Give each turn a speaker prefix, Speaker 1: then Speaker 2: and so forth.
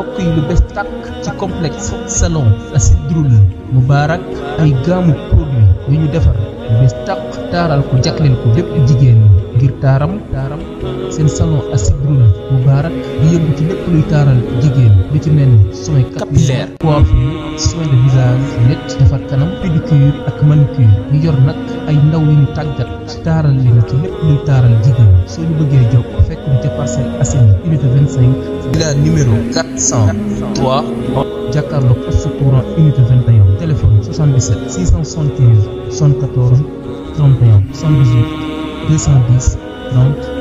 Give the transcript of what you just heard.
Speaker 1: mbokk yi lu bees tàkk ci complexe salon Asidrul Moubarak ay gaamu produit yu ñu defar lu bees tàkk taaral ko jagleel ko bépp jigéen ngir taaram taaram seen salon Asidrul Moubarak di yëngu ci lépp luy taaral jigéen lu ci mel ni soin capillaire coiffure soin de visage net defar kanam pédicure ak manucure ñu yor nag ay ndaw yu ñu tàggat taaral leen ci lépp luy taaral jigéen Sène unité 25.
Speaker 2: villa numéro 403. jàkkaarloo
Speaker 1: poste courant unité 21. téléphone 77 675 74 31 118 210 30.